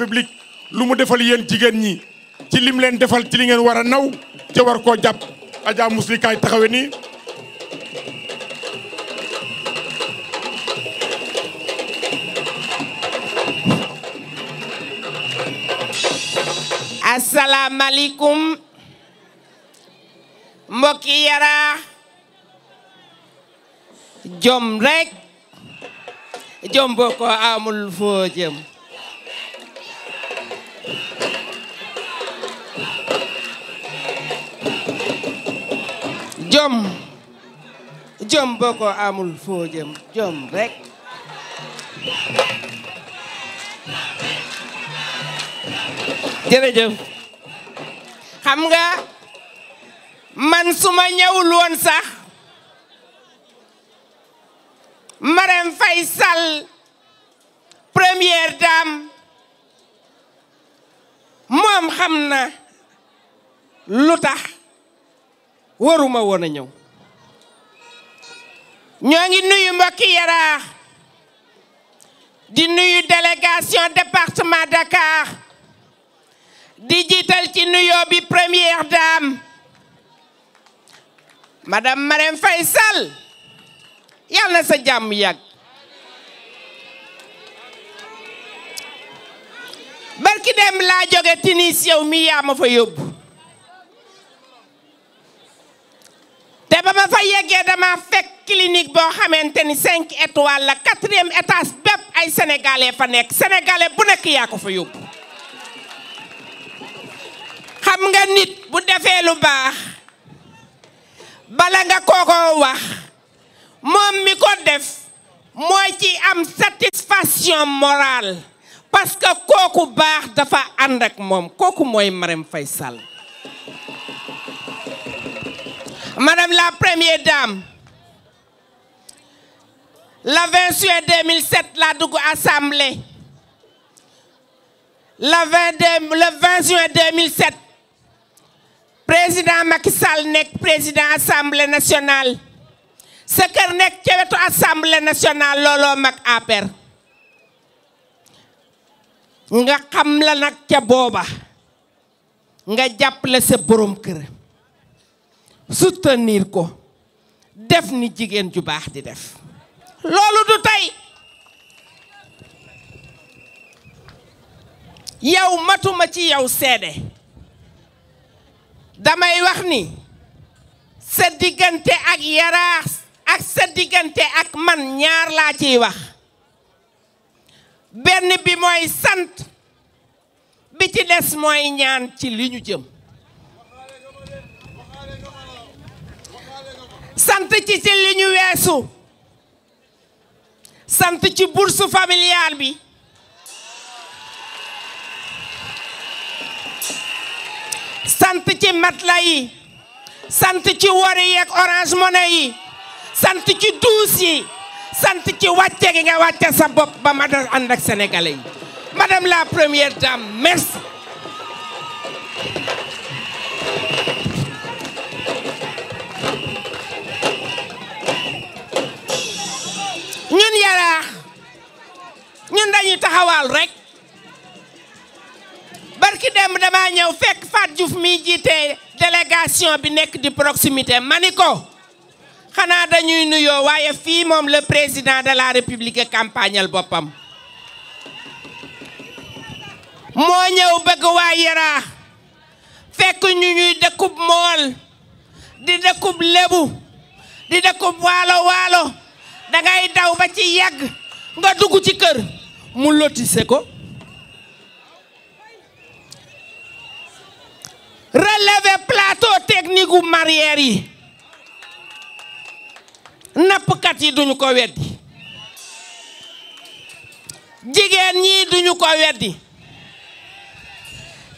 république lu mu defal yéen jigéen ñi ci lim leen defal ci li ngeen war a naw ca war koo jàpp Adja Mously kaay taxawe nii mbokki Yara jom rek jom boo ko amul foo jëm jom jom boo ko amul foo jëm jom rek jërëjëf xam nga man suma ñëwul woon sax Marème Faye Sall première dame moom xam na lu tax waruma woon ñëw ñoo ngi nuyu mbokki yaraax di nuyu délégation département Dakar di jiital ci nuyoo bi premier dame madame Marème Faye Sall yàlla na sa jàmm yàgg barki dem laa jóge Tunis yow mi yaa ma fa yóbbu dama fa yeggee dama fekk clinique boo xamante ni cinq étoiles la quatrième étage bépp ay sénégalais fa nekk sénégalais bu nekk yaa ko fa yóbbu xam nga nit bu defee lu baax bala nga kookoo wax moom mi ko def mooy ci am satisfaction morale parce kooku baax dafa ànd ak moom kooku mooy Marème Faye Sall Madame la Première Dame la juin 2007 dugg assemblée la le 20 juin 2007 président Macky Sall nekk président assemblée nationale sa kër nekk ca wetu assemblée nationale looloo mag APR nga xam la nag ca booba nga jàppale sa borom kër. soutenir ko def ni jigéen ju baax di def loolu du tey yow matuma ci yow seede damay wax ni sa diggante ak yaraas ak sa diggante ak man ñaar laa ciy wax benn bi mooy sant bi ci des mooy ñaan ci li ñu jëm sant ci ci li ñu weesu sant ci bourse familiale bi sant ci matelas yi sant ci wari yeeg orange money yi sant ci duus yi sant ci wàcce gi nga wàcce sa bopp ba ma ànd ak sénégalais yi madame la première dame merci ñun yaraax ñun dañuy taxawaal rek barki dem dama ñëw fekk Fatou Diouf mi jiite délégation bi nekk di proximité ma ni ko xanaa dañuy nuyoo waaye fii moom la président de la république campagnal boppam moo ñëw bëgg waa yaraax fekk ñu ñuy dëkkub mool di dëkkub lebu di dëkkub waalo waalo dangay daw ba ci yàgg nga dugg ci kër mu lotise ko relevé plateau technique gu mareyeur yi nappkat yi duñu ko weddi jigéen ñi duñu ko weddi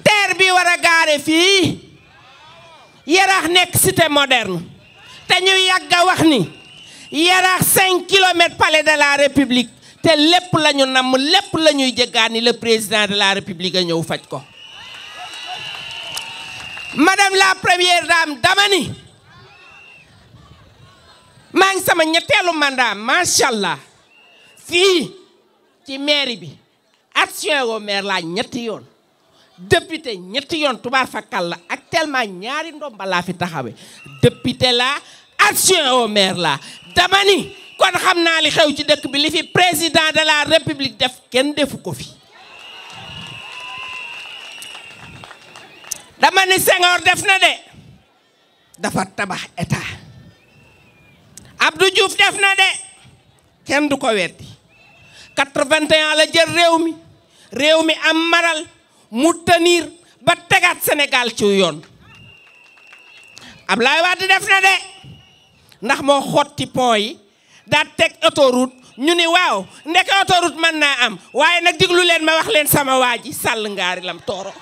teer bi war a gaare fii yarax nekk cité moderne te ñu yàgg wax ni yaraax cinq kilomètres palais de la république te lépp lañu namm lépp lañuy ñuy jéggaani le président de la république a ñëw faj ko madame la première dame dama ni maa sama ñetteelu mandat macha allah fii ci mairie bi action au maire laa ñetti yoon député ñetti yoon tubaar fakkal la actuellement ñaari ndomba laa fi taxawe député laa adjoint au maire la dama ni kon xam naa li xew ci dëkk bi li fi président de la république def kenn defu ko fi dama ni Senghor def na de dafa tabax état Abdou Diouf def na de kenn du ko weddi 81 la jël réew mi réew mi am maral mu tenir ba tegaat Sénégal ci yoon Ablaye Wade def na de ndax moo xotti pont yi daa teg autoroute ñu ni waaw ndeke autoroute mën naa am waaye nag diglu leen ma wax leen sama waa ji sàll ngaari lam tooro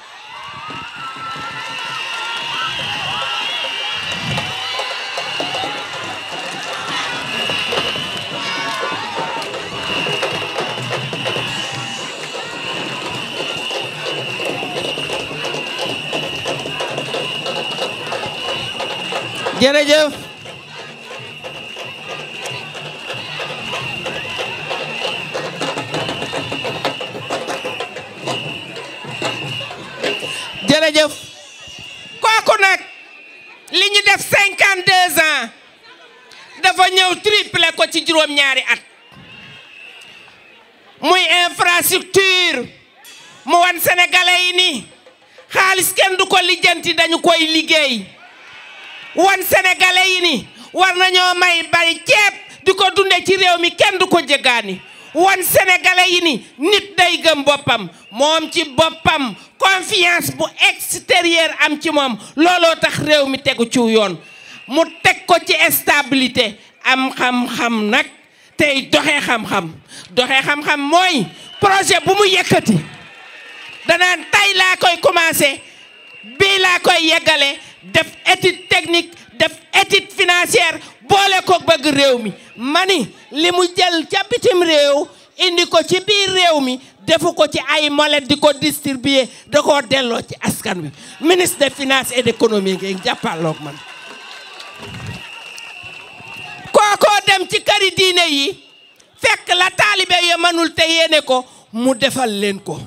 jërëjëf jërëjëf kooku nag li ñu def cinquante deux dafa ñëw triplé ko ci juróom-ñaari at muy infrastructure mu wan sénégalais yi ni xaalis kenn du ko lijjanti dañu koy liggéey wan sénégalais yi ni war nañoo may bari ceeb di ko dunde ci réew mi kenn du ko jéggaani wan sénégalais yi ni nit day gëm boppam moom ci boppam confiance bu extérieur am ci moom looloo tax réew mi tegu ci yoon mu teg ko ci stabilité am xam-xam nag tey doxee xam-xam doxee xam-xam mooy projet bu mu yëkkati danaan tay laa koy commencé bii laa koy yeggale def étude technique def étude financière boole ko bëgg réew mi mani li mu jël ca bitim réew indi ko ci biir réew mi defu ko ci ay molette di ko distribuer da koo delloo ci askan wi ministre des finances et d'économie ngeen jàppaloog man kookoo dem ci këri diine yi fekk la taalibe ya mënul te yéene ko mu defal leen ko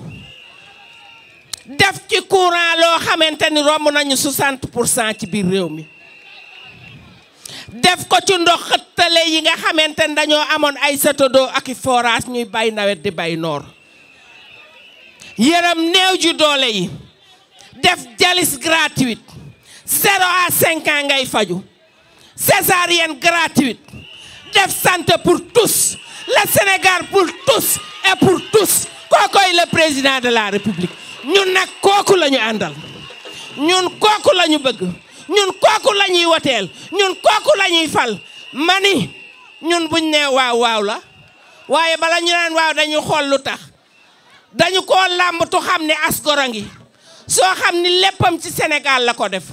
def ci courant loo xamante ni romb nañu 60 pour cent ci biir réew mi def ko ci ndox xëttale yi nga xamante ne dañoo amoon ay satadoo ak i forage ñuy bay nawet di bay noor yërëm néew ji doole yi def jalis gratuite zéro ngay faju césarienne gratuite def sant pour tous le Sénégal pour tous et pour tous kookoy le président de la République ñun nag kooku lañu àndal ñun kooku la bëgg ñun kooku la ñuy woteel ñun kooku la ñuy fal mani ñun buñ nee waaw waaw la waaye bala ñu naan waaw dañu xool lu tax dañu koo làmbatu xam ne askora ngi soo xam ni léppam ci senegaal la ko def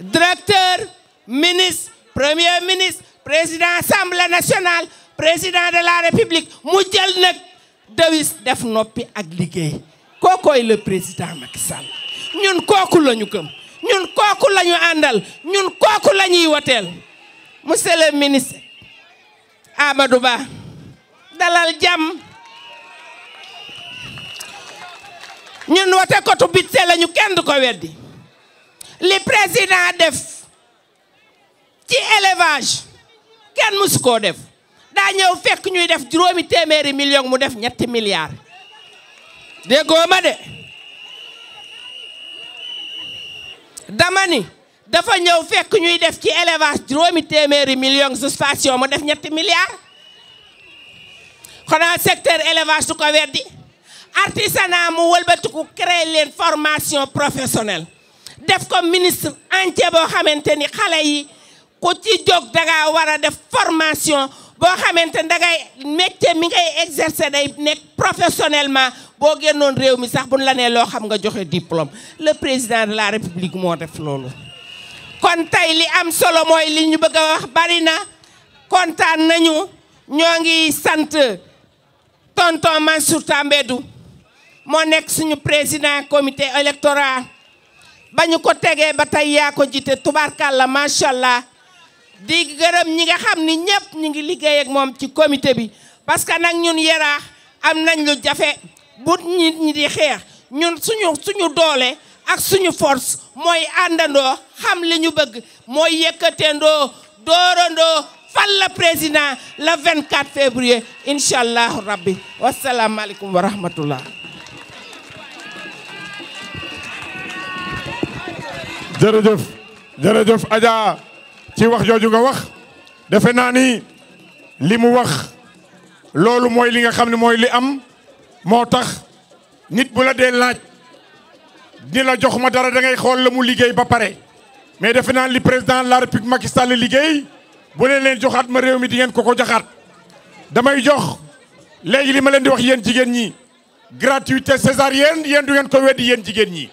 directeur ministre premier ministre président assemblée nationale président de la république mu jël nag dawis def noppi ak liggéey kookooy le président Macky Sall ñun kooku lañu ñu gëm ñun kooku la ñu àndal ñun kooku la ñuy woteel monsieur le ministre Amadou Ba dalal jàmm ñun wote kotu budget la ñu kenn du ko weddi li président def ci élevage kenn mësu def daa ñëw fekk ñuy def juróomi téeméeri million mu def ñetti milliards déggoo ma de dama ni dafa ñëw fekk ñuy def ci élevage juróomi téeméeri millions suspension mu def ñetti milliards xanaa secteur élevage su ko weddi artisanat mu wëlbatiku créer leen formation professionnelle def ko ministre entier boo xamante ni xale yi ku ci jóg dangaa war a def formation boo xamante ne dangay métier mi ngay exercer day nekk professionnellement boo génnoon réew mi sax buñ la nee loo xam nga joxe diplôme le président de la république moo def loolu. kon tey li am solo mooy li ñu bëgg a wax bari na kontaan nañu ñoo ngi sant tonton Mansour Tambédou moo nekk suñu président comité électoral ba ñu ko tegee ba tey yaa ko jiite tubaarkàlla macha allah. di gërëm ñi nga xam ni ñëpp ñu ngi liggéey ak moom ci comité bi parce que nag ñun yaraa am nañ lu jafe bu nit ñi di xeex ñun suñu suñu doole ak suñu force mooy àndandoo xam li ñu bëgg mooy yëkkatendoo doorandoo fal la président le 24 février incha allahu rabbi wasalaamaaleykum wa rahmatullah jërëjëf jërëjëf Adja ci wax jooju nga wax defe naa ni li mu wax loolu mooy li nga xam ne mooy li am moo tax nit bu la dee laaj ni la jox ma dara da ngay xool la mu liggéey ba pare mais defe naa li président la république Macky Sall liggéey bu leen leen joxaat ma réew mi di ngeen ko ko joxaat damay jox léegi li ma leen di wax yéen jigéen ñi gratuité césarienne yéen du ngeen ko weddi yéen jigéen ñi